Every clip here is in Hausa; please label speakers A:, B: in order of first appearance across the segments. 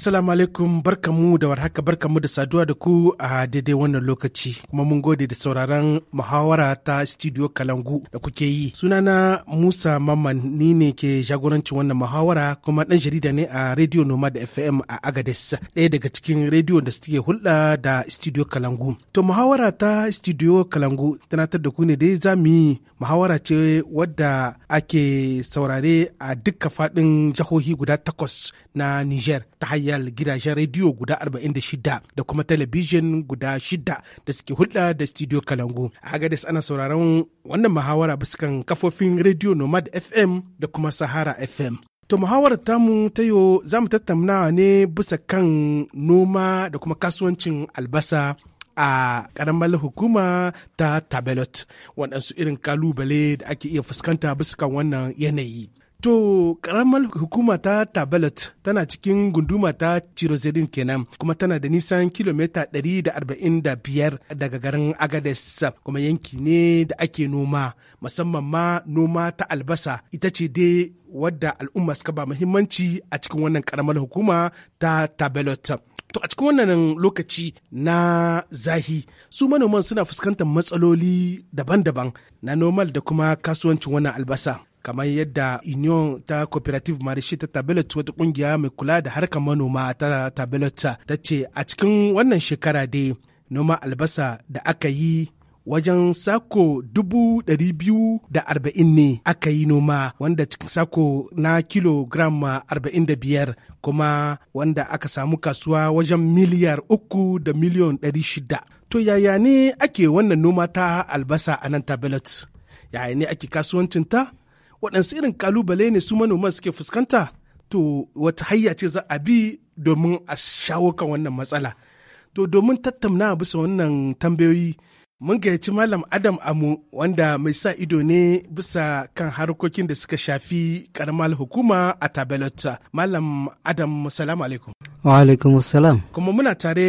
A: Assalamu alaikum barkamu da warhaka barkamu da saduwa da ku a daidai wannan lokaci kuma mun gode da sauraron muhawara ta studio Kalangu da kuke yi. Sunana Musa Mamman ni ne ke jagorancin wannan muhawara kuma dan jarida ne a Radio da FM a Agades ɗaya daga cikin rediyo da suke hulɗa da studio Kalangu. To muhawara ta studio Kalangu tunatar da ku ne dai za mu yi muhawara ce wadda ake saurare a duka faɗin jihohi guda takwas na Niger ta hanyar akal gidajen rediyo guda 46 da kuma talabijin guda shida da suke hulɗa da studio kalangu a agadis ana sauraron wannan muhawara bisa kan kafofin rediyo nomad fm da kuma sahara fm To muhawarar tamu ta yau za mu tattaunawa ne bisa kan noma da kuma kasuwancin albasa a karamar hukuma ta tabelot waɗansu irin kalubale da ake iya fuskanta bisa kan wannan yanayi. To karamar hukuma ta Tabalat tana cikin gunduma ta Cirozedin kenan kuma tana da nisan kilomita 145 daga garin Agades kuma yanki ne da ake noma musamman ma noma ta albasa ita ce dai wadda al'umma suka ba muhimmanci a cikin wannan karamar hukuma ta Tabalat. to a cikin wannan lokaci na zahi su manoman suna fuskantar matsaloli daban-daban na normal da kuma kasuwancin wannan albasa kamar yadda union ta cooperative marishi ta tablet wata kungiya mai kula da harka manoma ta tablet ta ce a cikin wannan shekara dai noma albasa da aka yi wajen sako dubu dari biyu da arba'in ne aka yi noma wanda cikin sako na kilogram arba'in da biyar kuma wanda aka samu kasuwa wajen miliyar uku da miliyon dari shida to yaya ne ake wannan noma ta albasa a nan tablet yaya ne ake kasuwancinta waɗansu irin kalubale ne su manoman suke fuskanta to wata hayya ce za a bi domin a shawo kan wannan matsala to domin tattauna bisa wannan tambayoyi mun gayyaci malam adam amu wanda mai sa ido ne bisa kan harkokin da suka shafi karamar hukuma a tabelota malam adam salamu alaikum
B: wa alaikum salam
A: kuma muna tare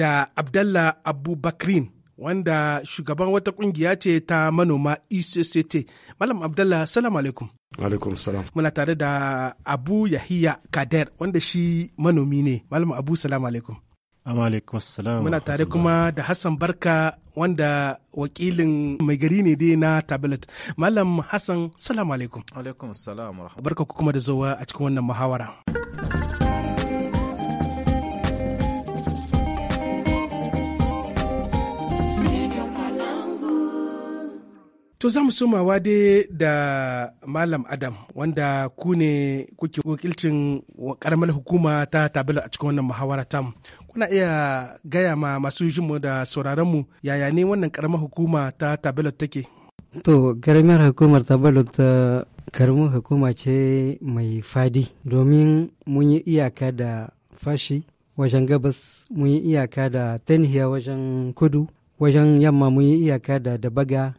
A: da abdallah abubakrin wanda shugaban wata kungiya ce ta manoma ECCT. Malam Abdallah, salam alaikum.
C: alaikum salam
A: muna tare da abu yahiya kader wanda shi manomi ne malam abu salam alaikum alaikum salam muna tare kuma da hassan barka wanda wakilin mai gari ne dai na tablet malam hassan salam alaikum
D: alaikum salam
A: barka kuma da zuwa a cikin wannan muhawara To za mu sumawa dai da Malam Adam wanda ku ne kuke wakilcin karamar hukuma ta tabila a cikin wannan muhawara tam. Kuna iya gaya ma masu mu da sauraronmu yaya ne wannan karamar hukuma ta tabila take? To, karamar
B: hukumar tabila ta karamar hukuma ce mai fadi domin mun yi iyaka da fashi wajen gabas mun yi iyaka da tanhiya wajen kudu wajen yamma mun yi iyaka da dabaga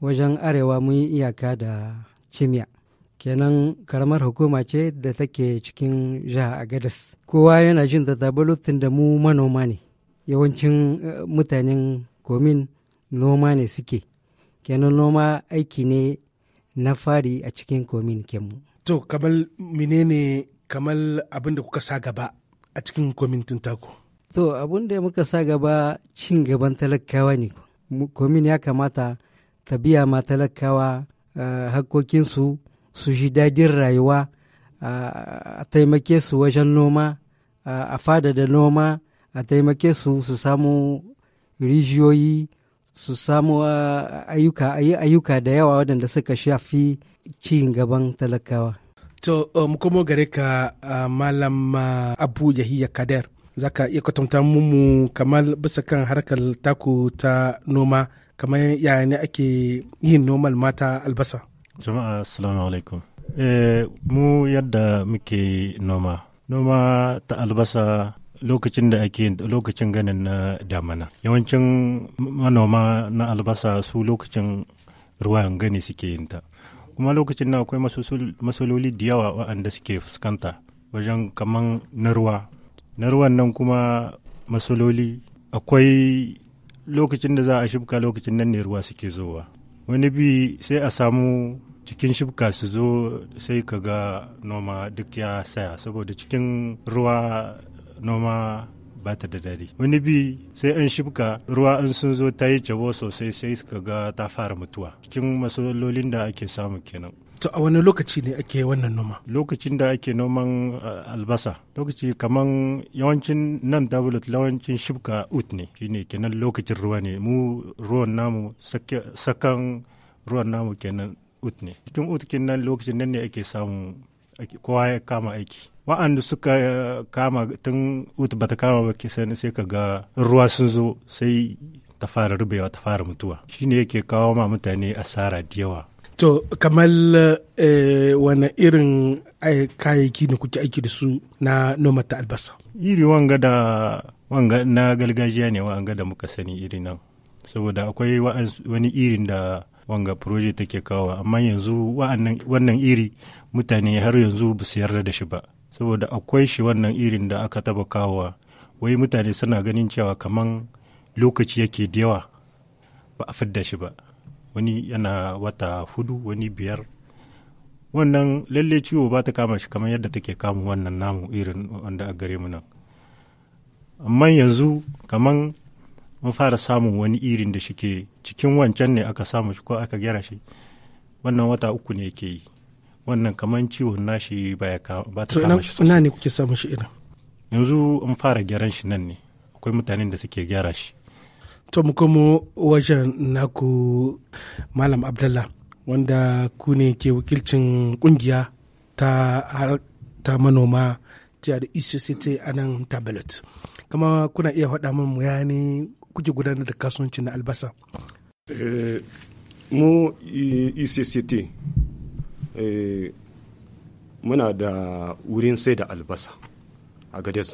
B: wajen arewa mun yi iyaka da cimiya kenan karamar hukuma ce da take cikin jiha agadas kowa yana jin da lokacin da mu manoma ne yawancin eh, mutanen komin noma ne suke kenan noma aiki ne
A: na fari a cikin komin kemu to kamar menene kamar abin da kuka sa gaba a cikin komin tuntaku
B: to abin da muka sa gaba cin gaban talakawa ne komin ya kamata ta biya ma talakawa eh, hakkokinsu su ji dadin rayuwa a taimake su wajen noma a da noma a taimake su su samu rijiyoyi su samu ayyuka ayyuka da yawa waɗanda
A: suka shafi ci gaban talakawa. To, eh, mu komo gare ka malam Abu Yahiya Kader, za ka iya kwatanta mu kamar bisa kan harkar taku ta noma kamar yaya ne ake yin noman mata albasa
C: jama'a assalamu alaikum eh, mu yadda muke noma noma ta albasa lokacin da ake lokacin ganin na damana yawancin manoma na albasa su lokacin ruwan gani suke yin ta kuma lokacin na akwai masololi da yawa waɗanda suke fuskanta wajen kaman na ruwa na ruwan nan kuma masololi akwai lokacin da za a shibka lokacin nan ne ruwa suke zowa wani bi sai a samu cikin shibka su zo sai ka ga noma duk ya saya saboda cikin ruwa noma ba ta da dare wani bi sai an shibka ruwa an sun zo ta yi jabo sosai sai ka ga ta fara mutuwa cikin masololin da ake samu kenan To a wani lokaci ne ake wannan noma? Lokacin da ake noman uh, albasa. Lokaci kamar yawancin nan tablet yawancin shibka ut ne. ne kenan lokacin ruwa ne. Mu ruwan namu sakan ruwan namu kenan ut ne. Cikin ut kenan lokacin nan ne ake samu kowa ya kama aiki wa'anda suka kama tun ut bata kama ba kisan sai ka ga ruwa sun zo sai ta fara rubewa ta fara mutuwa ne yake kawo ma mutane asara da yawa
A: To, kamar eh, wani irin eh, kayayyaki ne kuke aiki da su na noma ta albasa?
C: Iri wanga na gargajiya ne wanga da muka sani iri nan. Saboda akwai wani irin da wanga proje take kawo amma yanzu wannan iri mutane har yanzu ba su yarda da shi ba. Saboda akwai shi wannan irin da aka taba kawowa. Wai mutane suna ganin cewa kaman lokaci yake da yawa ba a fidda shi ba. wani yana wata hudu wani biyar wannan lalle ciwo ba ta kama shi kamar yadda take kama wannan namu irin wanda a gare mu nan amma yanzu kamar mun fara samun wani irin da shike cikin wancan ne aka samu shi ko aka gyara shi wannan wata uku ne yake yi wannan kamar ciwon nashi ba ta kama shi sosai ne
A: kuke samun shi irin
C: yanzu an fara gyaran shi nan ne akwai mutanen da suke gyara shi
A: to mu komo wajen naku malam abdullah wanda ku ne ke wakilcin kungiya ta ta manoma jiya da isusite a nan tablet kama kuna iya faɗa min mu ya kuke gudanar da kasuwanci na albasa
E: eh, mu ECCT eh, muna da wurin sai da albasa a gades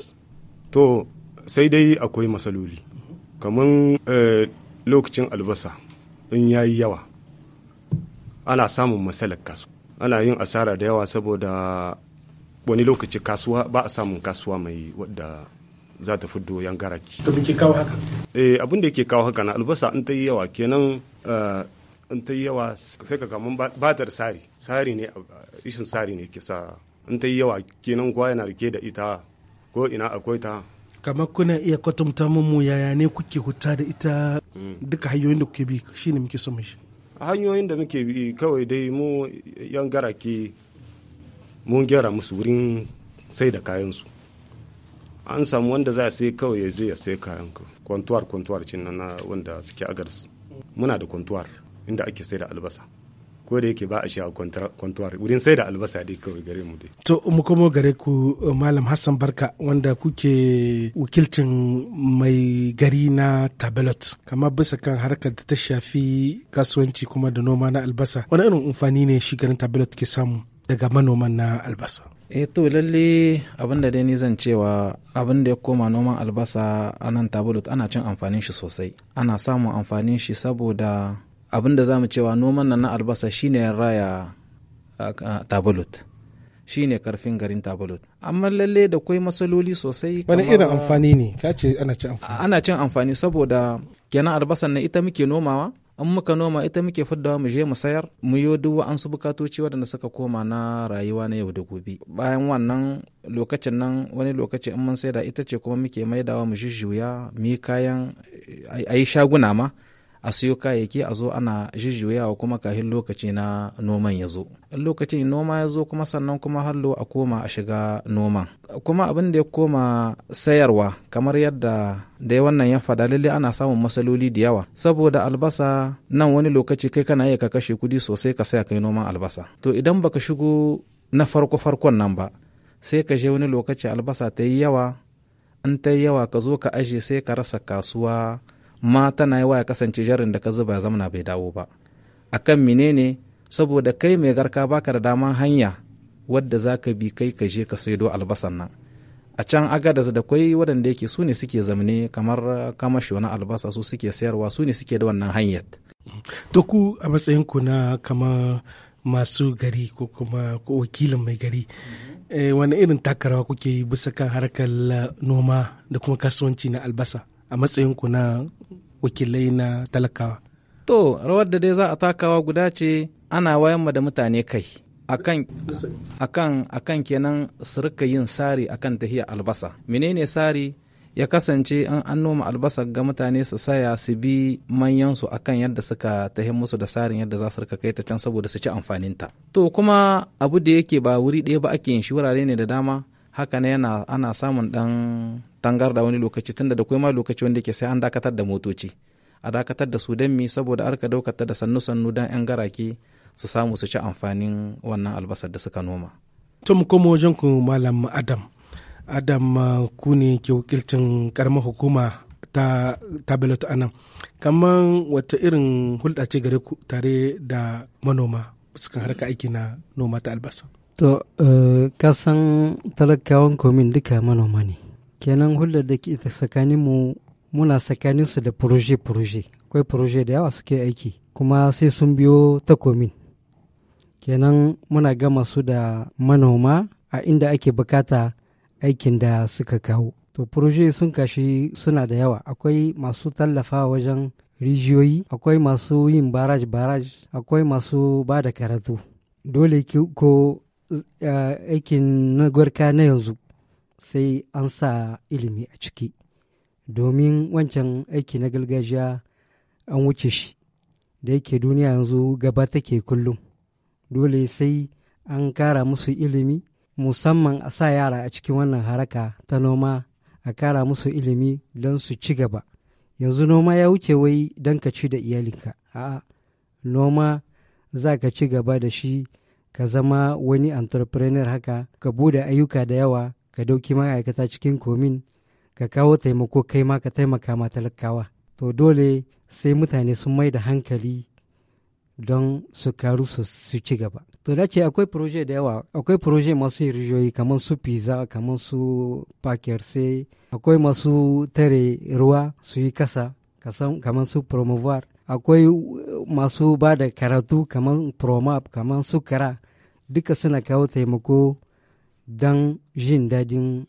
E: to sai dai akwai masaloli. kamar eh, lokacin albasa in ya yi yawa ana samun matsalar kasu ana yin asara da yawa saboda wani lokaci kasuwa ba a samun kasuwa mai wadda za ta fiddo yan garaki. To ke kawo haka? Eh abin da yake kawo haka na albasa in ta yi yawa kenan eh, in ta yi yawa sai ka kamun ba ta da sari. Sari ne ishin sari ne ke sa in ta yi yawa kenan kuwa yana rike da ita ko ina akwai ta
A: kamar kuna iya kwatanta mu yaya ne kuke huta da ita duka hanyoyin da kuke bi shine muke so mishi
E: hanyoyin da muke bi kawai dai mu yan garake mun gyara musu wurin sai da kayansu an samu wanda za a sai kawai ya je ya sai kayan kwantuwar kwantuwar cin na wanda suke agars muna da kwantuwar inda ake sai da albasa ko da yake ba a shi a kwantuwar wurin sai da albasa dai kawai gare mu dai.
A: To mu komo gare ku Malam Hassan Barka wanda kuke wakilcin mai gari na Tabelot kamar bisa kan harkar da ta shafi kasuwanci kuma da noma na albasa wani irin amfani ne shi garin Tabelot ke samu daga manoman na albasa.
D: e to lalle abin da dai zan cewa abin da ya koma noman albasa a nan tabulut ana cin amfanin shi sosai ana samun amfanin shi saboda abin da za mu cewa noman nan na albasa shine ne raya tabalut shine karfin garin tabalut amma lalle da kwai masaloli sosai wani irin amfani ne ka ce ana cin amfani ana cin amfani saboda kenan albasan na ita muke nomawa an muka noma ita muke fiddawa mu je mu sayar mu yi duk an su bukatoci waɗanda suka koma na rayuwa na yau da gobe bayan wannan lokacin nan wani lokaci in mun da ita ce kuma muke maidawa mu jujjuya mu yi kayan a shaguna ma a siyo kayayyaki a zo ana jujjuyawa kuma kahin lokaci na noman ya zo lokacin noma ya zo kuma sannan kuma hallo a koma a shiga noman kuma abin da ya koma sayarwa kamar yadda da wannan ya fada lalle ana samun matsaloli da yawa saboda albasa nan wani lokaci kai kana iya ka kashe kudi sosai ka saya kai noman albasa to idan baka shigo na farko farkon nan ba sai ka je wani lokaci albasa ta yi yawa in ta yawa ka zo ka aje sai ka rasa kasuwa ma tana yawa ya kasance jarin da ka zuba ya zamana bai dawo ba a kan mine ne saboda kai mai garka baka da daman hanya wadda za ka bi kai ka je ka saido albasan nan a can agadas da kwai waɗanda yake su ne suke zamne kamar kamashi wani albasa su suke sayarwa su ne suke da wannan hanyar
A: to ku a matsayin ku na kama masu gari ko kuma wakilin mai gari mm-hmm. eh, wani irin takarawa kuke yi bisa kan harkar noma da kuma kasuwanci na albasa a matsayinku na wakilai na talakawa
D: to rawar da dai za a takawa guda ce ana wayan da mutane kai akan akan kenan su yin sari akan tahiya albasa menene sari ya kasance an an noma albasa ga mutane su saya su bi manyansu akan yadda suka tahi musu da sarin yadda za su rika kai ta can saboda su ci amfaninta to kuma abu da yake ba wuri ɗaya ba ake yin shi wurare ne da dama haka ne yana ana samun dan tangarda wani lokaci tunda da kuma lokaci wanda ke sai an dakatar da motoci a dakatar da su don mi saboda arka daukata da sannu sannu dan yan garake su samu su ci amfanin wannan albasar da suka noma
A: tun komo wajen ku malam adam adam ah, ku ne ke wakilcin karamar hukuma ta tablet a nan kamar wata irin hulɗa ce gare ku tare da manoma cikin harka aiki na noma ta albasa
B: To, eh, kasan talakawan komin duka manoma ne. Kenan hulɗar da ke tsakanin mu muna tsakanin su da proje-proje. Akwai proje da yawa suke aiki, kuma sai sun biyo ta komin. Kenan muna gama su da manoma a inda ake bukata aikin da suka kawo. To, proje sun kashi suna da yawa. Akwai masu tallafa wajen rijiyoyi, akwai masu yin baraj-baraj, akwai masu ba da karatu. Dole ko Eh, aikin na gwarka na yanzu sai an sa ilimi a ciki domin wancan aiki na gargajiya an wuce shi da yake duniya yanzu gaba take kullum dole sai an kara musu ilimi musamman a sa yara a cikin wannan haraka ta noma a kara musu ilimi don su ci gaba yanzu noma ya wuce wai don ka ci da iyalinka a'a noma za ka ci gaba da shi ka zama wani entrepreneur haka ka bude ayyuka da yawa ka dauki ma'aikata cikin komin ka kawo taimako kai ma ka taimaka ma talakawa to dole sai mutane sun mai da hankali don su karu su ci gaba to dace akwai proje da yawa akwai proje masu rijiyoyi kamar su pizza kamar su sai akwai masu tare ruwa su yi kasa kamar su promovar akwai masu ba da karatu kamar promap kamar su kara duka suna kawo taimako don jin dadin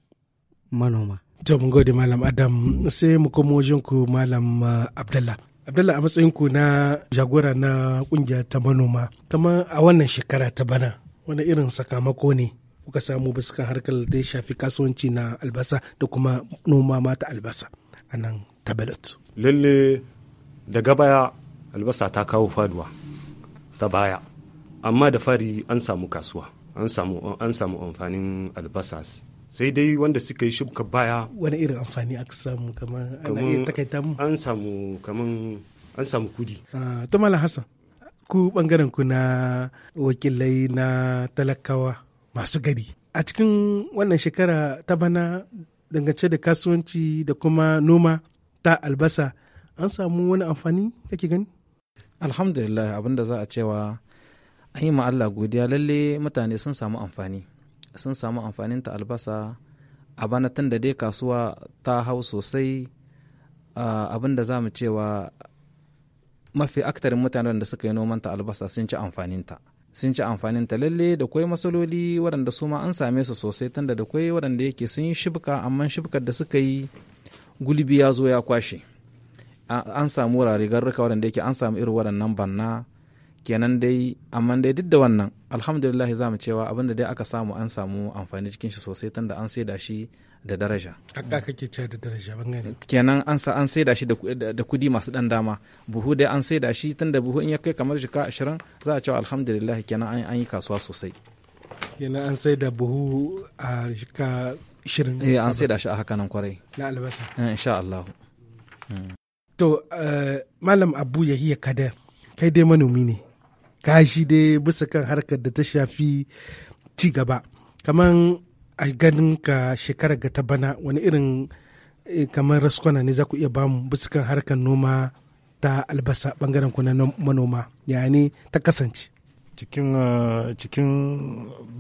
B: manoma.
A: To mun gode Malam Adam sai mu komo ku Malam uh, Abdullah. Abdullah a matsayinku na jagora na kungiya ta manoma, kamar a wannan shekara ta bana wani irin sakamako ne kuka samu bisa harkar da ya shafi kasuwanci na albasa da kuma noma mata albasa a nan tabalat.
E: Lalle daga baya albasa ta kawo faduwa ta baya. amma da fari an samu kasuwa an samu an samu amfanin albasa sai dai wanda suka yi shubka baya
A: wani irin amfani aka samu kamar ana iya
E: takaita mu an samu kamar an samu kudi
A: ah, to mallam hassan ku bangaren ku na wakilai na talakawa masu gari a cikin wannan shekara ta bana dangance da kasuwanci da kuma noma ta albasa
D: an samu wani amfani kake gani alhamdulillah abinda za a cewa an yi ma Allah godiya lalle mutane sun samu amfani sun samu amfanin ta albasa a bana tun da dai kasuwa ta hau sosai abin da za mu cewa mafi aktarin mutanen da suka yi noman ta albasa sun ci amfaninta sun ci amfaninta lalle da kwai matsaloli waɗanda su ma an same su sosai tunda da kwai waɗanda yake sun yi shibka amma shibkar da suka yi gulbi ya zo ya kwashe an samu wurare garruka waɗanda yake an samu irin waɗannan banna kenan dai amma dai duk da wannan alhamdulillah za mu cewa abinda dai aka samu an samu amfani cikin shi sosai tunda an saida shi da daraja
A: haka kake cewa da daraja ban gani
D: kenan an sa an saida shi da kudi masu dan dama buhu dai an saida shi tunda buhu in ya kai kamar ka 20 za a cewa alhamdulillah kenan an yi kasuwa sosai
A: kenan an saida buhu a jika
D: 20 eh an saida shi a haka nan kwarai na albasa eh, insha Allah hmm.
A: to eh, malam Abu Yahiya Kader kai dai manomi ne kashi dai bisa kan harkar da ta shafi ci gaba kamar a ganin ka shekarar ga ta bana wani irin eh, kamar raskwana ne za ku iya bamu bisa kan harkar noma ta albasa bangaren ku na manoma yani ta kasance
C: cikin ah, cikin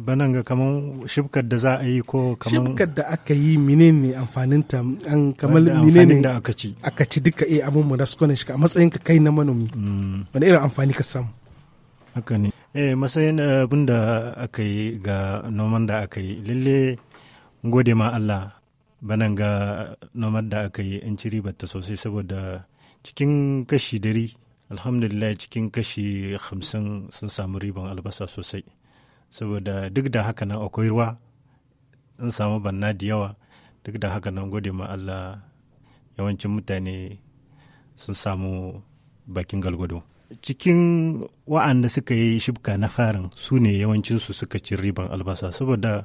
C: banan ga kaman shibkar da za a yi ko kamar shibkar
A: da aka yi menene amfanin ta an kamar menene da aka ci aka ci duka eh abun mu da su shi a matsayin ka kai na manomi mm. wani irin amfani ka samu haka ne
C: eh matsayin eh, abin da aka yi ga noman da aka yi lalle gode ma Allah banan ga noman da aka yi in ci ribarta sosai saboda cikin kashi dari alhamdulillah cikin kashi hamsin sun samu riban albasa sosai saboda duk da haka nan akwai ruwa an samu banna da yawa duk da haka nan gode ma Allah yawancin mutane sun samu bakin galgado. cikin wa'anda suka yi shibka na farin su ne yawancinsu suka ci riban albasa saboda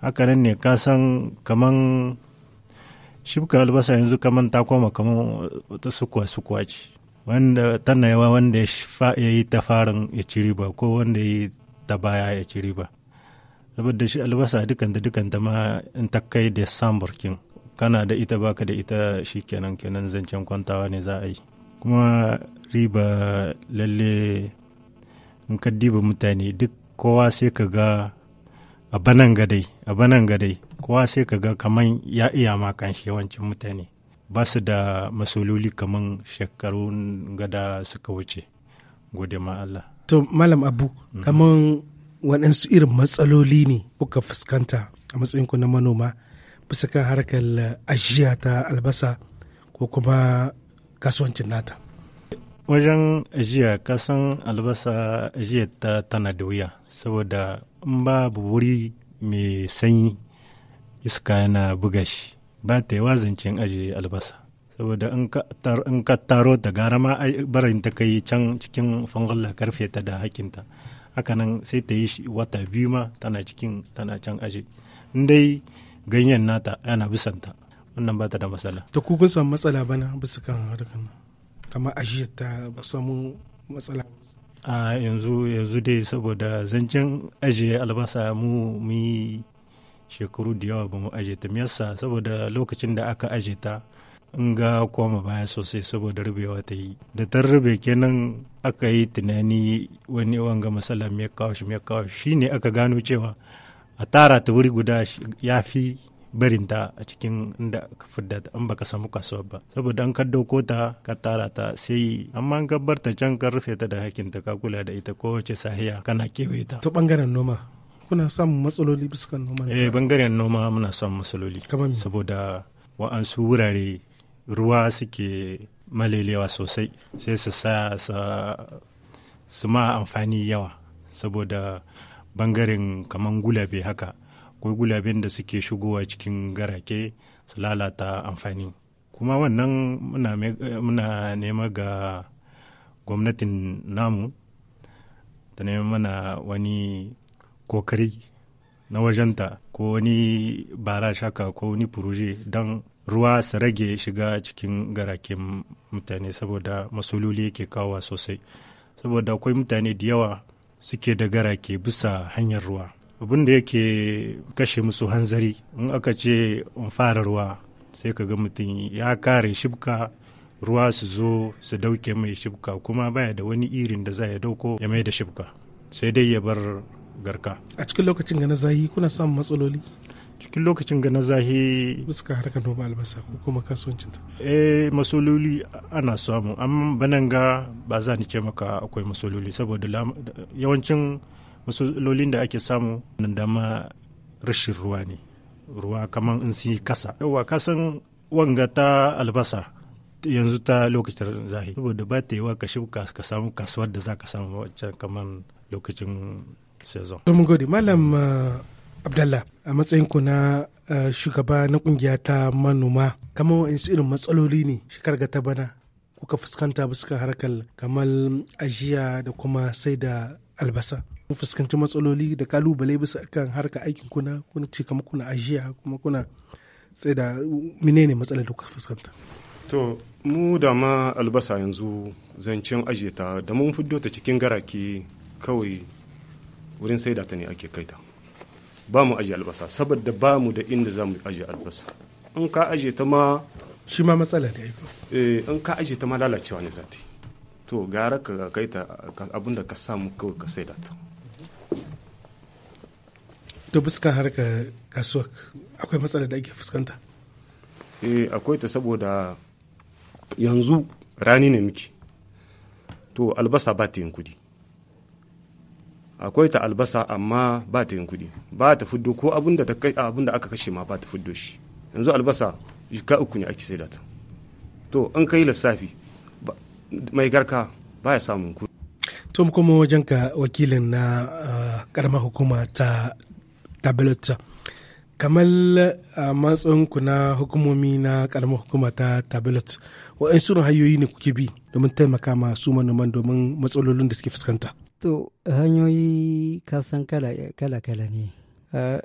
C: hakanan ne ka san kaman shibka albasa yanzu kaman ta koma kaman ta sukuwa sukuwa ce wanda tana yawa wanda ya yi ta farin ya ci riba ko wanda ya yi ta baya ya ci riba saboda shi albasa dukan da dukan ta ma in ta kai da samburkin kana da ita baka da ita shi kenan kenan zancen kwantawa ne za a yi kuma riba lalle in ka diba mutane duk kowa sai ka ga a banan gadai a banan gadai kowa sai ka ga kaman ya iya ma shi yawancin mutane ba su da masololi kaman shekarun gada suka wuce gode ma Allah
A: to malam abu mm. kaman waɗansu irin matsaloli ne kuka fuskanta a matsayinku na manoma bisa kan harkar ajiya ta albasa ko kuma kasuwancin nata
C: wajen ajiya kasan albasa ajiya ta tana da wuya saboda in babu wuri mai sanyi iska yana buga shi ba ta yi wazancin ajiye albasa saboda in ka taro ta gara ma barin ta kai can cikin fangalla karfe ta da hakinta hakanan sai ta yi wata biyu ma tana cikin tana can aje in dai ganyen nata yana bisanta wannan ba ta da matsala
A: ta kukusan matsala bana bisa kan harkar kamar ajiyar ta samu matsala a yanzu yanzu
C: dai saboda zancen ajiye albasa mu mu shekaru da yawa ba mu aje ta miyarsa saboda lokacin da aka aje ta in ga koma baya sosai saboda rubewa ta yi da ta rube kenan aka yi tunani wani wanga matsala mai kawo shi mai kawo shi ne aka gano cewa a tara ta wuri guda ya fi barin ta a cikin inda ka fidda ta in baka samu kasuwa ba saboda an ka dauko ta ka tara ta sai amma an ka bar ta can ka rufe ta da hakkin ta ka kula da ita k'o wace sahiya kana kewaye
A: ta to bangaren noma kuna samun matsaloli biskan noma
C: eh bangaren noma muna samun matsaloli saboda wa'ansu wurare ruwa suke malelewa sosai sai su sa su ma amfani yawa saboda bangaren kaman gulabe haka akwai gulaben da suke shigowa cikin garake su lalata amfani kuma wannan muna nema ga gwamnatin namu ta nema mana wani kokari na wajenta ko wani bara shaka ko wani furuje don ruwa su rage shiga cikin garake mutane saboda masololi yake kawowa sosai saboda akwai mutane da yawa suke da garake bisa hanyar ruwa abin da yake kashe musu hanzari in aka ce in fara ruwa sai ka ga mutum ya kare shibka ruwa su zo su dauke mai shibka kuma baya da wani irin da za ya dauko ya mai da shibka sai dai ya bar garka
A: a cikin lokacin ga na zahi kuna samun matsaloli cikin lokacin ga na zahi suka harka noma albasa ko kuma ta
C: eh masololi ana samu amma banan ga ba za ni ce maka akwai masololi saboda yawancin lolin da ake samu nan dama rashin ruwa ne ruwa kamar in si kasa yawa kasan wanga ta albasa yanzu ta lokacin zahi saboda ba ta yiwa ka shibka ka samu kasuwar da za ka samu wacce kamar lokacin sezon. Domin
A: gode Malam eh, Abdallah a matsayin ku na eh, shugaba na kungiya ta manoma kamar su irin matsaloli ne shekar ga ta bana kuka fuskanta fuskan harkar kamar ajiya da kuma sai da albasa. kun fuskanci matsaloli da kalubale bisa kan harka aikin kuna kuna ce kama kuna ajiya kuma kuna tsaye da menene matsalar da kuka fuskanta
E: to mu da ma albasa yanzu zancen ajiye ta da mun fiddo ta cikin garaki kawai wurin sai da ta ne ake kaita ba mu ajiye albasa saboda ba mu da inda za mu ajiye albasa in ka ajiye ta ma
A: shi ma matsala ne
E: eh in ka ajiye ta ma lalacewa ne zati to gara ka kai ta abinda ka samu kawai ka saida ta
A: ta fuskan harkar kasuwa akwai matsalar da ake fuskanta
E: eh akwai ta saboda yanzu rani ne miki to albasa ba ta yin kudi akwai ta albasa amma ba ta yin kudi ba ta fuddo ko abin da aka kashe ma ba ta fuddo shi yanzu albasa ka uku ne ake da ta to in kai lissafi mai garka ba ya samun kudi
A: to kuma wajen ka wakilin na karamar ah, hukuma ta tablet kamar a matsayinku na hukumomi na karamar hukuma ta tablet wa'in irin hanyoyi ne kuke bi domin taimaka ma su manoman domin matsalolin da suke fuskanta
B: to hanyoyi kasan kala kala ne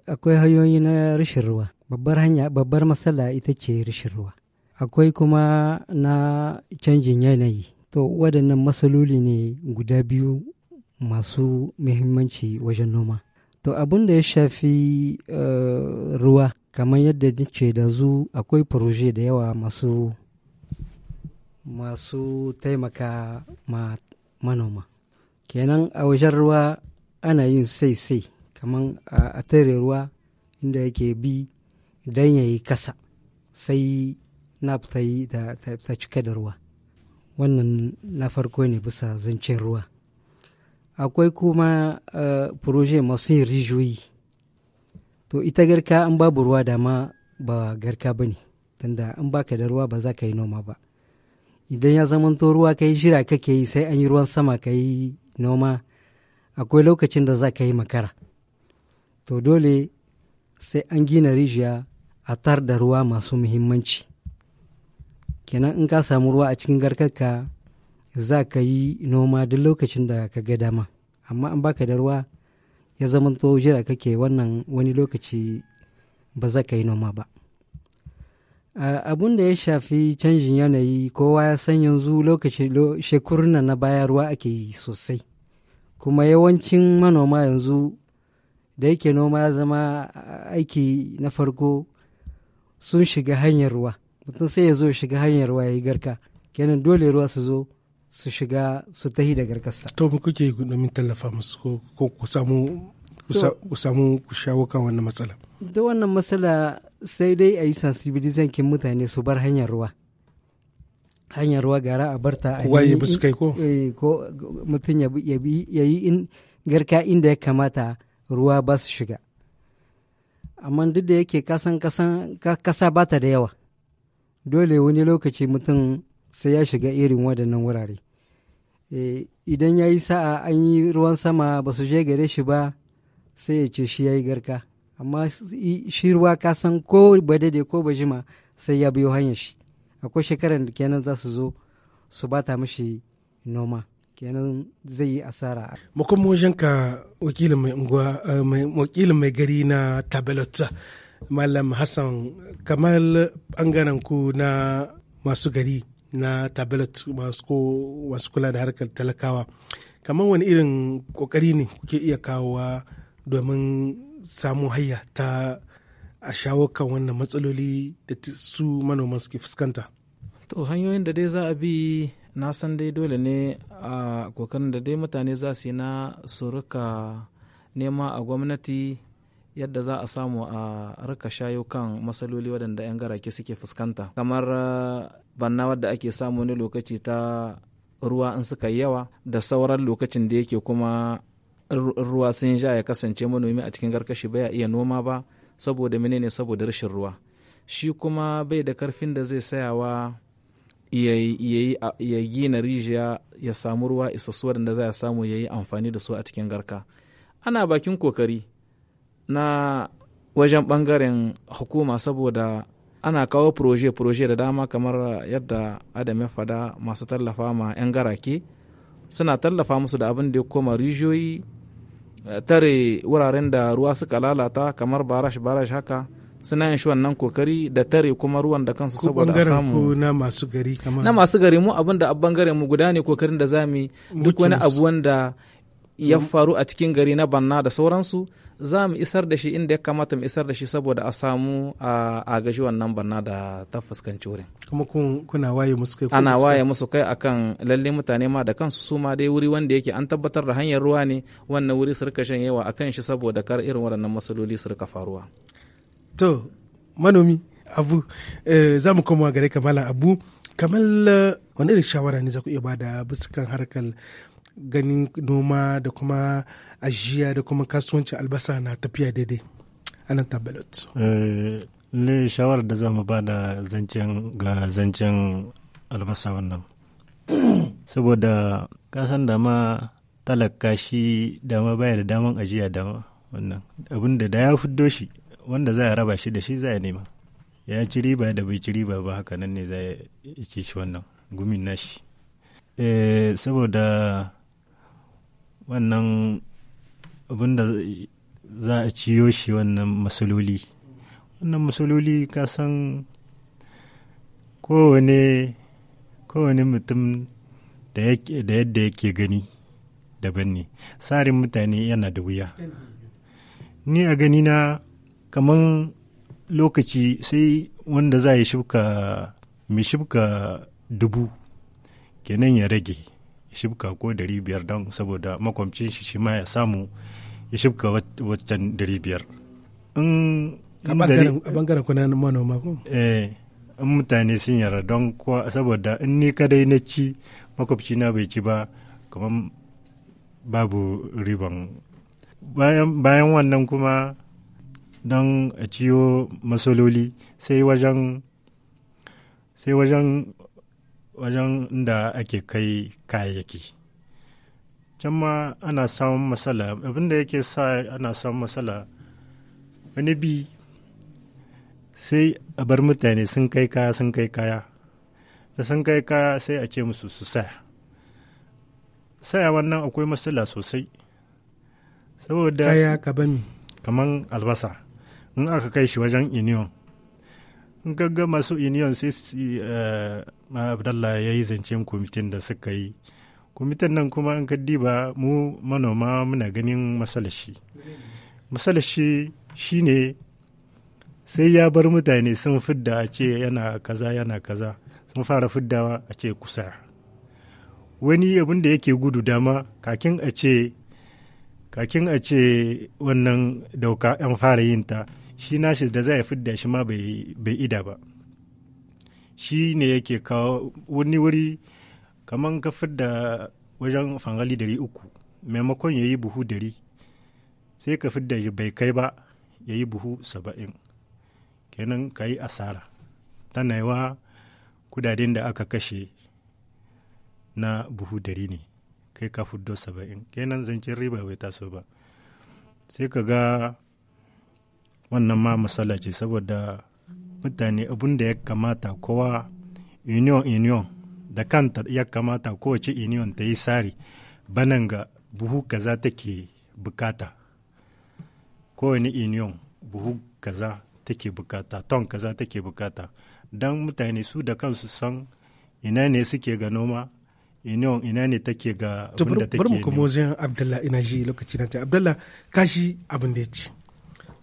B: akwai hanyoyi na rashin ruwa babbar hanya babbar matsala ita ce rashin ruwa akwai kuma na canjin yanayi to waɗannan matsaloli ne guda biyu masu muhimmanci wajen noma to abin da ya shafi eh, ruwa kamar yadda nace da zu akwai proje da yawa masu masu taimaka ma manoma kenan a wajen ruwa ana yin sai-sai kamar a tare ruwa inda yake bi don ya yi kasa sai na fita yi ta cika da ruwa wannan na farko ne bisa zancen ruwa akwai kuma eh, proje masu yin rijiyoyi to ita garka an babu ruwa da ma ba garka ba ne tunda an baka da ruwa ba za ka yi noma ba idan ya zamanto ruwa ka yi shira kake yi sai an yi ruwan sama ka yi noma akwai lokacin da za ka yi makara to dole sai an gina rijiya a tar da ruwa masu muhimmanci kenan in ka samu ruwa a cikin garkarka za ka yi noma duk lokacin da ka ga dama amma an baka da ruwa ya zamanto jira kake wannan wani lokaci ba za ka yi noma ba abun da ya shafi canjin yanayi kowa ya san yanzu lokaci shekuruna na baya ruwa ake yi sosai kuma yawancin manoma yanzu da yake noma ya zama aiki na farko sun shiga hanyar ruwa mutum sai ya zo shiga hanyar ruwa ya yi garka kenan
A: dole ruwa su zo su shiga su tahi da kasa. to mu kuke domin tallafa musu ko ku samu ku samu ku shawo kan wannan matsala
B: da wannan matsala sai dai a yi sensibilizankin mutane su bar hanyar ruwa hanyar ruwa gara a barta a waye ba su kai ko eh, ko mutum ya bi ya yi in garka inda ya kamata ruwa ba su shiga amma duk da yake kasan kasan kasa ba ta da yawa dole wani lokaci mutum sai ya shiga irin waɗannan wurare eh, idan ya yi sa'a an yi ruwan sama ba su je gare shi ba sai ya ce shi ya yi garka amma shi ruwa ka san ko ba daidai ko ba jima sai ya biyo hanyar shi akwai shekarar da kenan za su zo
A: su bata mishi noma kenan zai yi asara makon ka eh, wakilin mai gari na tabelot malam hassan kamar bangaren ku na masu gari na tablet masu kula da harkar talakawa kamar wani irin kokari ne kuke iya kawowa domin samun hayya ta a shawo kan wannan matsaloli da su manoman suke fuskanta
D: to hanyoyin da dai za a bi na san dai dole ne a kokarin da dai mutane za su yi na nema a gwamnati yadda za a samu a rika shayo kan matsaloli waɗanda 'yan garake suke fuskanta kamar banna wadda ake samu wani lokaci ta ruwa in suka yi yawa da sauran lokacin da yake kuma ruwa sun ja ya kasance manomi a cikin garkashi baya iya noma ba saboda menene saboda rashin ruwa shi kuma bai da karfin da zai sayawa ya gina rijiya ya samu ruwa isassuwar da za a samu ya yi amfani da su a cikin garka ana bakin kokari na wajen bangaren hukuma saboda ana kawo proje-proje da dama kamar yadda adam ya fada masu tallafa ma 'yan garake suna tallafa musu da abin da ya koma rijiyoyi eh, tare wuraren da ruwa suka lalata kamar barash-barash haka suna yin shi wannan kokari da tare kuma ruwan da kansu saboda a samu
A: na masu gari kamar na
D: masu gari mu abin da abban mu guda ne kokarin da zamu duk wani abu wanda ya faru a cikin gari na banna da sauransu za mu isar da shi inda ya kamata mu isar da shi saboda a samu a gaji wannan banna da ta fuskanci wurin
A: kuma kuna waye musu kai ana waye
D: musu kai akan lalle mutane ma da kansu su ma dai wuri wanda yake an tabbatar da hanyar ruwa ne wannan wuri su rika shan yawa akan shi saboda kar irin waɗannan matsaloli su rika faruwa
A: to manomi abu eh, za mu koma gare kamala abu kamar eh, wani irin shawara ne za ku iya bada bisa kan harkar ganin noma da kuma ajiya da kuma kasuwancin albasa na tafiya daidai a nan tabbalot.
C: le eh, shawarar da za mu ba da zancen ga zancen albasa wannan saboda kasan ma talaka shi dama baya da daman ajiya dama wannan abin da ya fiddo shi wanda za a raba shi da shi za a nema ya ci riba da bai ci riba ba haka nan ne za a ci shi wannan gumin nashi eh, saboda wannan abin da za a ciyo shi wannan masaloli wannan masaloli ka san kowane kowane mutum da yadda yake gani daban ne tsarin mutane yana da wuya ni a gani na kaman lokaci sai wanda za ya shibka mai dubu kenan ya rage shibka ko dari biyar don saboda makwamcin shi shi ma ya samu ya shibka waccan dari biyar
A: a bangaren kuna manoma ko
C: eh in mutane sun yara don kuwa saboda in ni kadai na ci makwabci na bai ci ba kamar babu ribon. bayan, bayan wannan kuma don a ciyo masololi sai wajen sai wajen wajen da ake kai kayayyaki can ma ana samun matsala abinda yake sa ana samun matsala wani bi sai a bar mutane sun kai kaya sun kai kaya da sun kai kaya sai a ce musu su saya saya wannan akwai matsala sosai saboda kaya kabami kaman albasa in aka kai shi wajen union in gaggama masu union sai eh, abdallah ya yi zancen kwamitin da suka yi kwamitin nan kuma an diba mu manoma muna ganin matsalashi shi ne sai ya bar mutane sun fidda a ce yana kaza yana kaza sun fara fiddawa a ce kusa wani abin da yake gudu dama kakin a ce kakin a ce wannan dauka yan fara yinta shi nashi da za ya fidda shi ma bai ida ba shi ne yake kawo wani wuri kamar ka da wajen fangali dari uku maimakon ya yi buhu dari sai ka da bai kai ba ya yi buhu saba'in kenan ka yi asara tana yawa kudaden da aka kashe na buhu dari ne kai ka fuddo saba'in kenan zancen riba bai taso ba sai ka ga wannan ma matsala ce saboda mutane abin da ya kamata kowa union union da kanta ya kamata kowace union ta yi sari banan ga buhu kaza take bukata kowane union buhu kaza take bukata ton kaza take bukata don mutane su da kansu san ina ne suke ga noma union ina ne take ga abin da take ne kuma
A: wajen abdullah ina ji lokaci na ta abdullah kashi abin da ya ci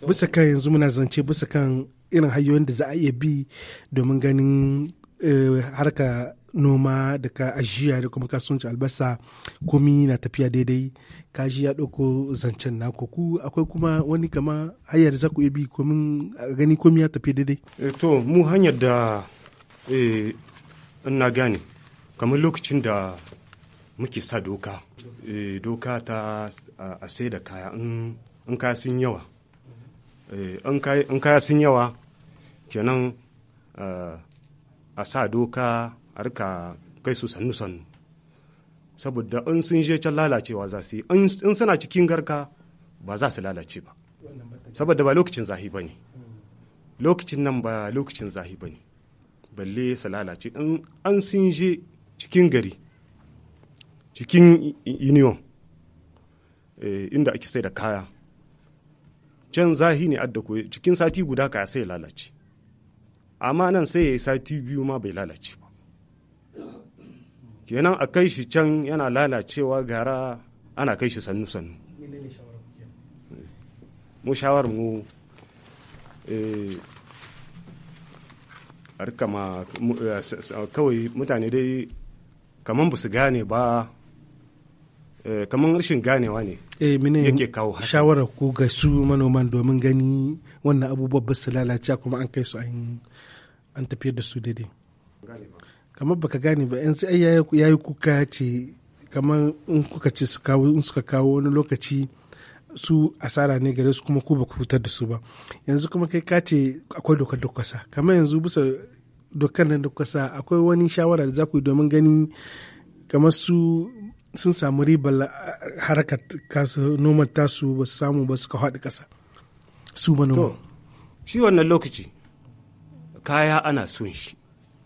A: bisa kan yanzu muna zance bisa kan irin hanyoyin da za a iya bi domin ganin eh, harka noma da ka ajiya da kuma kasuwanci albasa komi na tafiya daidai kashi ya ɗauko zancen na ku akwai kuma wani kama hanyar za ku bi komin gani komi ya tafi daidai
E: eh, to mu hanyar da eh, na gane kamar lokacin da muke sa doka doka ta a sai da kaya in kaya sun yawa Eh, in kaya sun yawa kenan eh, a sa doka a rika kai su sannu sannu saboda in sun je can lalacewa za su yi in suna cikin garka ba za su lalace ba saboda ba lokacin zahi ba ne lokacin nan ba lokacin zahi ba ne balle su lalace in an sun je cikin gari cikin union eh, inda ake sai da kaya can zahi ne adda koyi cikin sati guda ka sai lalace amma nan sai ya yi sati biyu ma bai lalace ba kenan a kai shi can yana lalacewa gara ana kai shi sannu sannu mu shawar mu eh, eh, kawai mutane dai kaman ba su gane ba eh, kaman rashin ganewa ne eh mine ne
A: shawara ku ga su manoman domin gani wannan abubuwa ba su lalace kuma an kai su an tafiyar da su daidai kamar baka gane ba ai ya yayi kuka ce kamar in kuka ce su kawo in suka kawo wani lokaci su asara ne gare su kuma ku ba ku fitar da su ba yanzu kuma kai ka ce akwai dokar da kwasa kamar yanzu bisa dokar nan da kwasa akwai wani shawara da za ku yi domin gani kamar su sun samu ribar harkar kasu noman tasu ba su samu ba suka haɗu ƙasa su noma. shi wannan lokaci
E: kaya ana son shi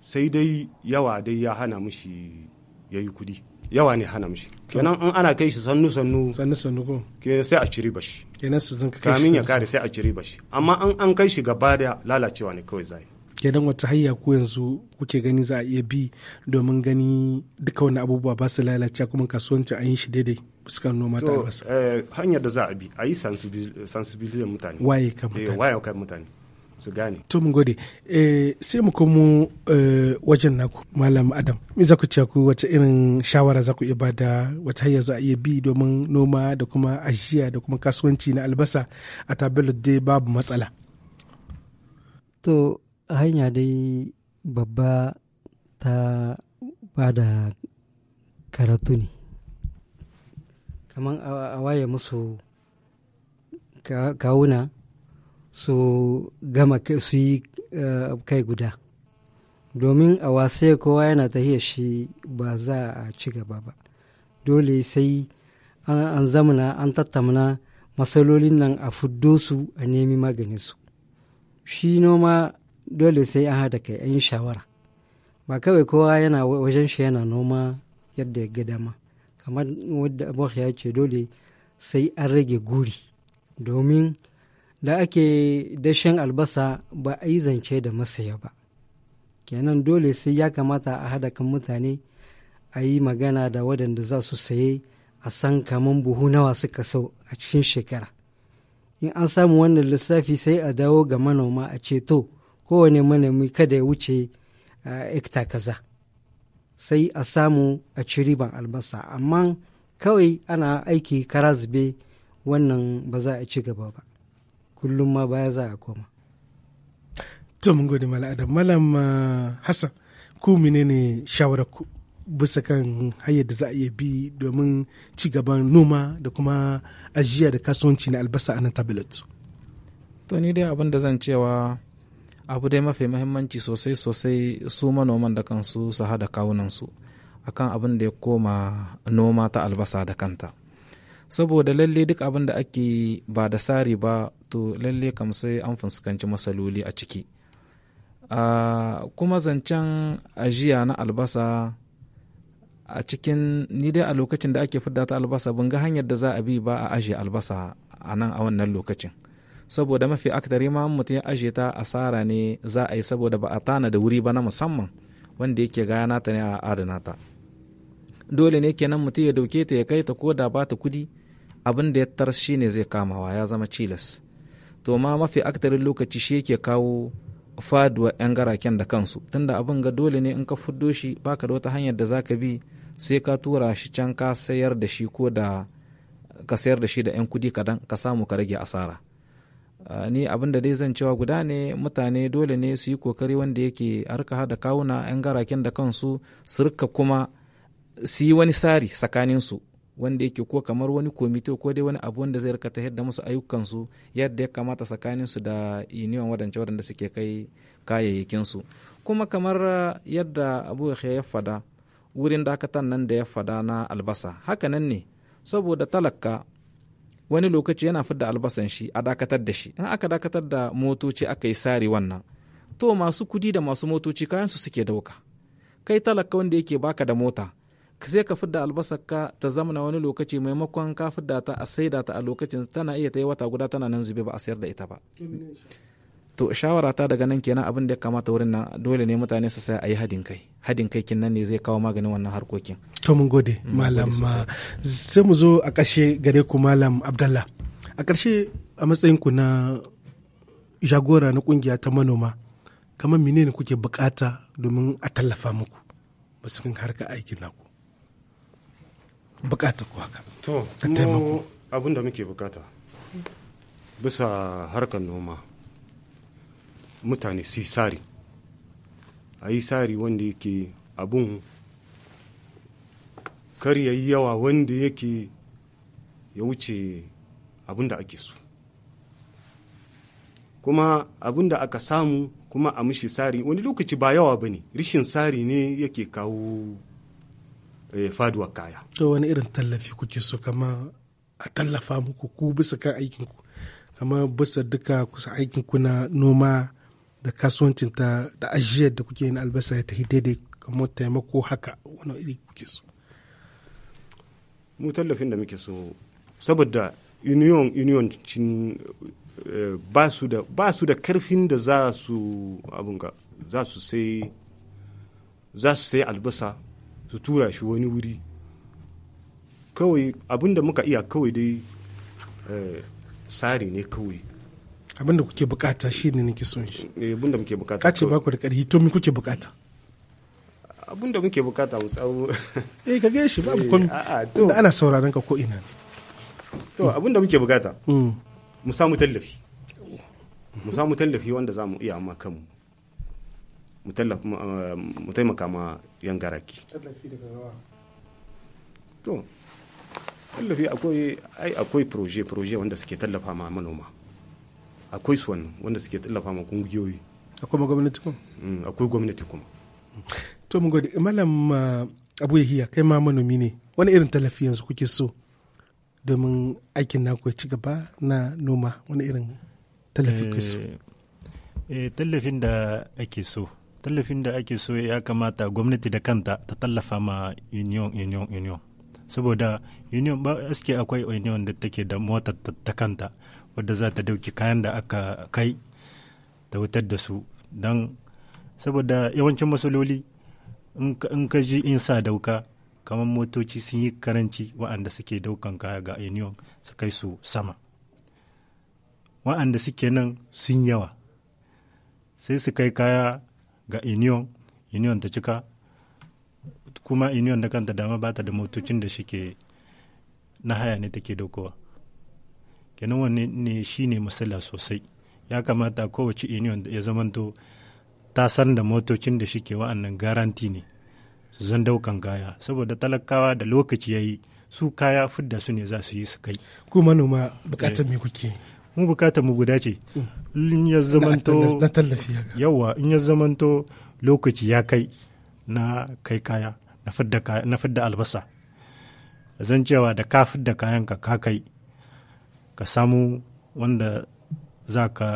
E: sai dai yawa dai ya hana mushi ya yi kudi yawa ne hana mushi kenan in
A: ana kai shi sannu sannu sannu sannu ko
E: kenan sai a ciri bashi
A: kenan su zan kai shi kamin ya
E: kare sai a ciri bashi amma an an kai shi gaba da lalacewa ne kawai zai
A: kenan wata hanya ko yanzu kuke gani za a iya bi domin gani duka wani abubuwa ba su lalace kuma kasuwanci an yi shi daidai fuskar noma ta albasa
E: eh, hanyar da za a bi a yi sensibilizar mutane waye kan eh, mutane waye kan mutane su gane to mun
A: gode eh, sai mu komo wajen naku malam adam mi za ku ce ku wace irin shawara za ku iya bada wata hanyar za a iya bi domin noma da kuma ajiya da kuma kasuwanci na albasa a tabelot dai babu matsala
B: to A hanya dai babba ta ba da karatu ne kamar a waye musu kawuna su gama su yi eh, kai guda domin a wasa kowa yana tahiyar shi ba za a ci gaba ba dole sai an zamana an tattauna masalolin nan a fuddo su a nemi maganinsu shi noma dole sai an haɗa kai an shawara ba kawai kowa yana wajen shi yana noma yadda ya ga dama kamar wadda abokhi ya ce dole sai an rage guri domin da ake dashen albasa ba a yi zance da masaya ba kenan dole sai ya kamata a haɗa kan mutane a yi magana da waɗanda za su saye a san kamar buhu nawa suka sau a cikin shekara in an samu wannan lissafi sai a dawo ga manoma a ce to kowane manomi kada ya wuce a ekta kaza sai a samu a ci riban albasa amma kawai ana aiki kara zube
A: wannan ba za a ci gaba ba kullum ma baya za a koma to mun gode mala'adar adam malam hassan ku menene shawarar ku bisa kan hanyar da za a iya bi domin ci gaban noma da kuma ajiya da kasuwanci na albasa a nan tablet
D: to ni dai abin da zan cewa abu dai mafi mahimmanci sosai sosai su manoman da kansu su hada kawunansu akan abin da ya koma noma ta albasa da kanta saboda lalle duk abin da ake ba da sari ba to lalle kam sai an fuskanci masaloli a ciki kuma zancen ajiya na albasa a cikin ni dai a lokacin da ake fidda ta albasa ban ga hanyar da za a bi ba a ajiye albasa a nan a wannan lokacin saboda mafi akadari ma mutum ya ajiye ta asara ne za a yi saboda ba a tana da wuri ba na musamman wanda yake gaya nata ne a adana ta dole ne kenan mutum ya dauke ta ya kai ta ko da bata kudi abin da ya tar shi ne zai kamawa ya zama cilas to ma mafi akatarin lokaci shi yake kawo faduwa yan garaken da kansu tunda abin ga dole ne in ka fuddo shi baka da wata hanyar da zaka bi sai ka tura shi can ka sayar da shi ko da ka sayar da shi da yan kudi kadan ka samu ka rage asara ni abin da dai zan cewa guda ne mutane dole ne su yi kokari wanda yake harka hada kawuna 'yan garaken da kansu su rika kuma su yi wani sari tsakaninsu wanda yake ko kamar wani komite ko dai wani abu wanda zai rika tahir da musu ayyukansu yadda ya kamata tsakaninsu da union wadance wadanda suke kai kayayyakinsu kuma kamar yadda abu ya fada wurin dakatan nan da ya fada na albasa haka nan ne saboda talaka wani lokaci yana fidda albasan shi a dakatar da shi in aka dakatar da motoci aka yi sari wannan to masu kudi da masu motoci kayan su suke dauka kai talaka wanda yake baka da mota sai ka fidda ka ta zamana wani lokaci maimakon ka fidda ta a saida ta a lokacin tana iya ta yi wata guda tana nan zube ba a sayar da ita ba to shawara ta daga nan kenan abin da ya kamata wurin nan dole ne mutane su sai a yi hadin kai hadin kai kin nan ne zai kawo maganin wannan harkokin
A: to mun gode mm, malam ah, sai mu zo a ƙarshe gare ku malam abdallah a ƙarshe a matsayin ku na jagora na kungiya ta manoma kamar menene kuke bukata domin a tallafa muku ba su kan harka aikin naku bukata ku
E: haka to ta taimako abin da muke bukata bisa harkar noma mutane su yi sari a yi sari wanda yake abun kar ya yi yawa wanda yake ya wuce abun da ake so kuma abun da aka samu kuma a mishi sari wani lokaci ba yawa ba ne rishin sari ne yake kawo e, eh, faduwa kaya
A: to wani irin tallafi kuke so kama a tallafa muku ku bisa kan aikinku kama bisa duka kusa aikinku na noma da kasuwancinta da ajiyar da kuke yin albasa ya tafi daidai kamar taimako haka wani iri kuke so
E: mu tallafin da muke so saboda union union cin eh, ba su da ba da karfin da za su abun ga za su sai za su sai albasa su tura shi wani wuri kawai abin da muka iya kawai dai eh, tsari ne kawai
A: abin da kuke bukata shi ne nake son shi eh, abin da muke bukata kace ba ku da ƙarfi to me kuke bukata
E: abin da muke bukata mu tsawo
A: eh ka gaishe babu eh, komai da ana sauraron ka ko ina
E: to mm. abin da muke bukata mm. mu samu tallafi mu samu tallafi wanda za mu iya amma kanmu eh, mu taimaka ma yan garaki to tallafi akwai ai akwai proje proje wanda suke tallafa ma manoma akwai su wannan wanda suke tallafa ma kungiyoyi akwai ma gwamnati kuma mm, akwai gwamnati kuma
A: to mun gode malam uh, abu yahiya kai ma manomi ne wani irin tallafi yanzu kuke so domin aikin na ku ci gaba na noma wani irin tallafi kuke so
C: eh, eh, tallafin da ake so tallafin da ake so ya kamata gwamnati da kanta ta tallafa ma union union union saboda union ba aske akwai union da take da motar ta kanta wadda za ta dauki kayan da aka kai ta wutar da su don saboda yawancin matsaloli in ka ji in sa dauka kamar motoci sun yi karanci wa'anda suke daukan kaya ga union su kai su sama wa'anda suke nan sun yawa sai su kai kaya ga union union ta cika kuma union da kanta dama ba ta da motocin da shi ke na haya ne take daukowa kenan wanne ne shi ne matsala sosai ya kamata kowace union ya zamanto ta san da motocin da shike wa'annan garanti ne su zan daukan kaya saboda talakawa da lokaci ya yi su kaya fidda su ne za su yi su kai ku manoma bukatar me kuke eh, mu bukatar mu guda ce in ya zamanto na tallafi yawa in ya zamanto lokaci ya kai na kai kaya na fidda albasa zan cewa da ka fidda kayan ka ka kai ka samu wanda za ka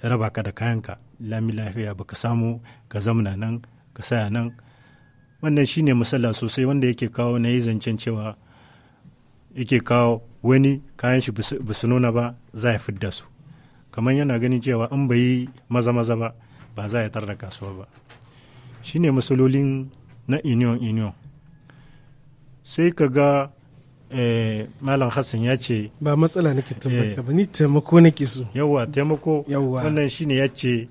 C: raba ka da kayanka lami lafiya ba ka samu ka zamna nan ka saya nan wannan shine matsala sosai wanda yake kawo na yi zancen cewa yake kawo wani kayan shi ba su nuna ba za ya fidda su kamar yana ganin cewa an bayi maza maza ba ba za ya tarda kasuwa ba shine matsalolin na union union sai ka ga Eh, malam hassan ya ce
A: ba matsala nake tabbata ba ni eh. taimako nake so
C: yawa taimako wannan shine ya ce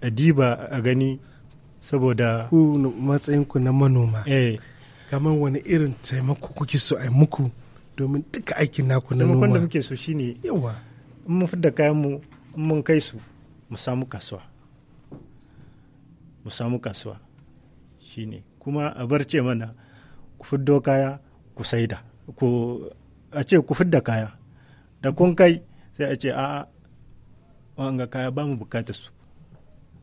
C: diba a gani saboda ku
A: matsayinku na manoma eh. kamar wani irin taimako kuke so a muku domin duka aikin naku na noma taimakon da kuke
C: so shine yawa in mun fidda kayan mu mun kai su mu samu kasuwa mu samu kasuwa shine kuma a barce mana ku fiddo kaya ku saida ku a ce ku fidda kaya da kun kai sai a ce a ga kaya ba mu bukatar su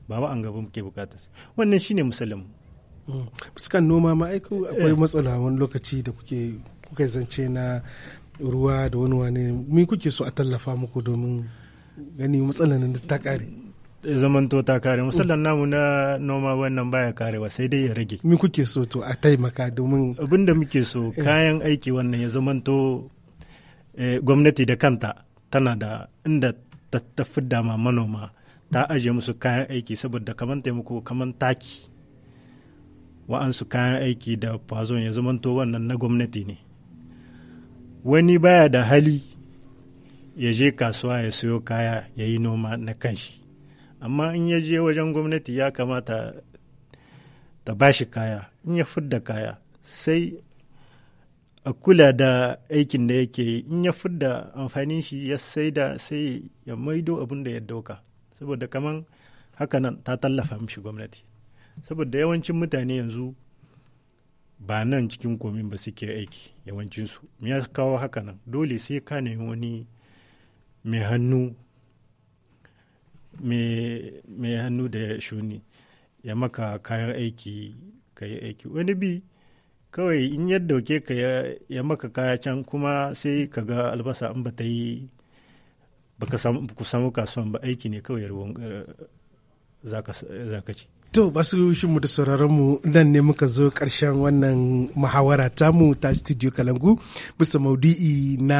C: ba wa an ga muke bukatar su wannan shine musulmi
A: hmm. fuskan noma ma aiku akwai eh. matsala wani lokaci da kuke kuka zance na ruwa da wani wane mi kuke so a tallafa muku domin gani matsalan da ta kare
C: zamanto ta kare musallan namu na noma wannan baya karewa sai dai ya rage
A: mi kuke so to a taimaka domin abin da muke so
C: eh. kayan aiki wannan ya zamanto eh, gwamnati da kanta tana da inda ta manoma ta aje musu kayan aiki saboda kaman taimako kaman taki wa'ansu kayan aiki da fazon ya zamanto wannan na gwamnati ne wani baya da hali ya je kasuwa ya sayo kaya ya yi noma na kanshi amma in ya je wajen gwamnati ya kamata ta bashi kaya in ya fidda kaya sai a kula da aikin da yake yi in ya fidda amfanin shi ya saida sai ya maido abin da ya ɗauka saboda kaman haka nan ta tallafa mishi gwamnati saboda yawancin mutane yanzu ba nan cikin komin ba suke aiki yawancinsu ya kawo haka nan dole sai ka nemi wani mai hannu mai hannu da shuni ya maka kayan aiki ka yi aiki wani bi kawai in ya dauke ka ya maka kaya can kuma sai ka ga albasa an ba ta yi ba ku samu kasuwan ba aiki ne kawai ruwan eh, za ka ci
A: To basu shinmu da sauraronmu nan ne muka zo ƙarshen wannan muhawara tamu ta studio Kalangu bisa maudu'i na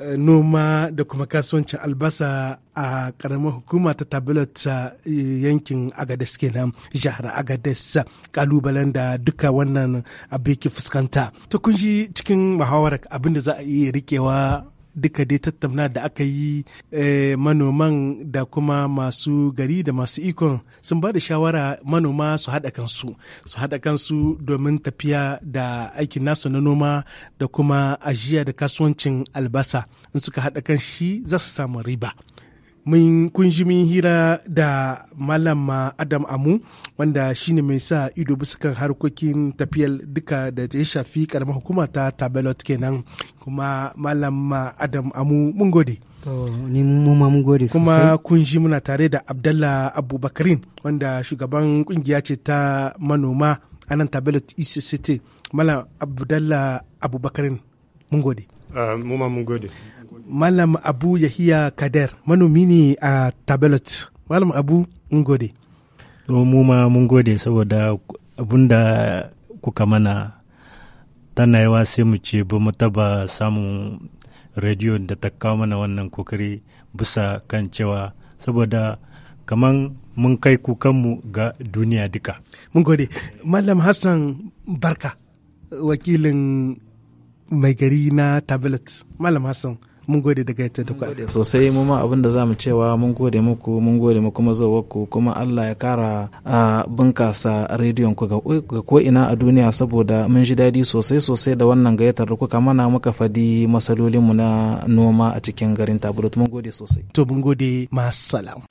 A: eh, noma da kuma kasuwancin albasa a ƙaramar hukuma ta tablet eh, yankin agades kenan jihar agades kalubalen da duka wannan abu ke fuskanta. To kun shi cikin muhawara abin da za a iya rikewa duka dai tattauna da aka yi eh, manoman da kuma masu gari da masu ikon sun ba da shawara manoma su haɗa kansu su haɗa kansu domin tafiya da aikin nasu na noma da kuma ajiya da kasuwancin albasa in suka haɗa kan shi za su samu riba mun kun ji min hira da malama adam amu wanda shine mai sa ido bisa kan harkokin tafiyar duka da ta shafi karamar hukuma ta tabelot kenan kuma malama adam amu mun gode ni ma mun gode Kuma kun shi muna tare da Abdallah Abubakarin wanda shugaban kungiya ce ta manoma a nan Tabelot East City. Malam Abdallah Abubakarin mun gode.
E: Uh, ma mun gode.
A: Malam Abu Yahiya Kader manomi ne a Tabelot. Malam Abu mun gode. Mu ma mun gode saboda da kuka mana
C: tana yawa sai mu ce ba mu taba samun rediyo da ta kawo mana wannan kokari bisa kan cewa saboda kaman mun
A: kai kukanmu ga duniya duka. Mun gode. Malam Hassan Barka wakilin mai gari na Tablet. Malam Hassan. mun gode daga yadda da kwaɗe
D: sosai mu ma abin da za mu cewa mun gode muku mun gode mu kuma zuwa ku kuma Allah ya kara bunkasa rediyon ku ga ko ina a duniya saboda mun ji daɗi sosai sosai da wannan gayyatar da kuka mana muka fadi masalolin mu na noma a cikin garin Tablet mun gode sosai to mun gode masalam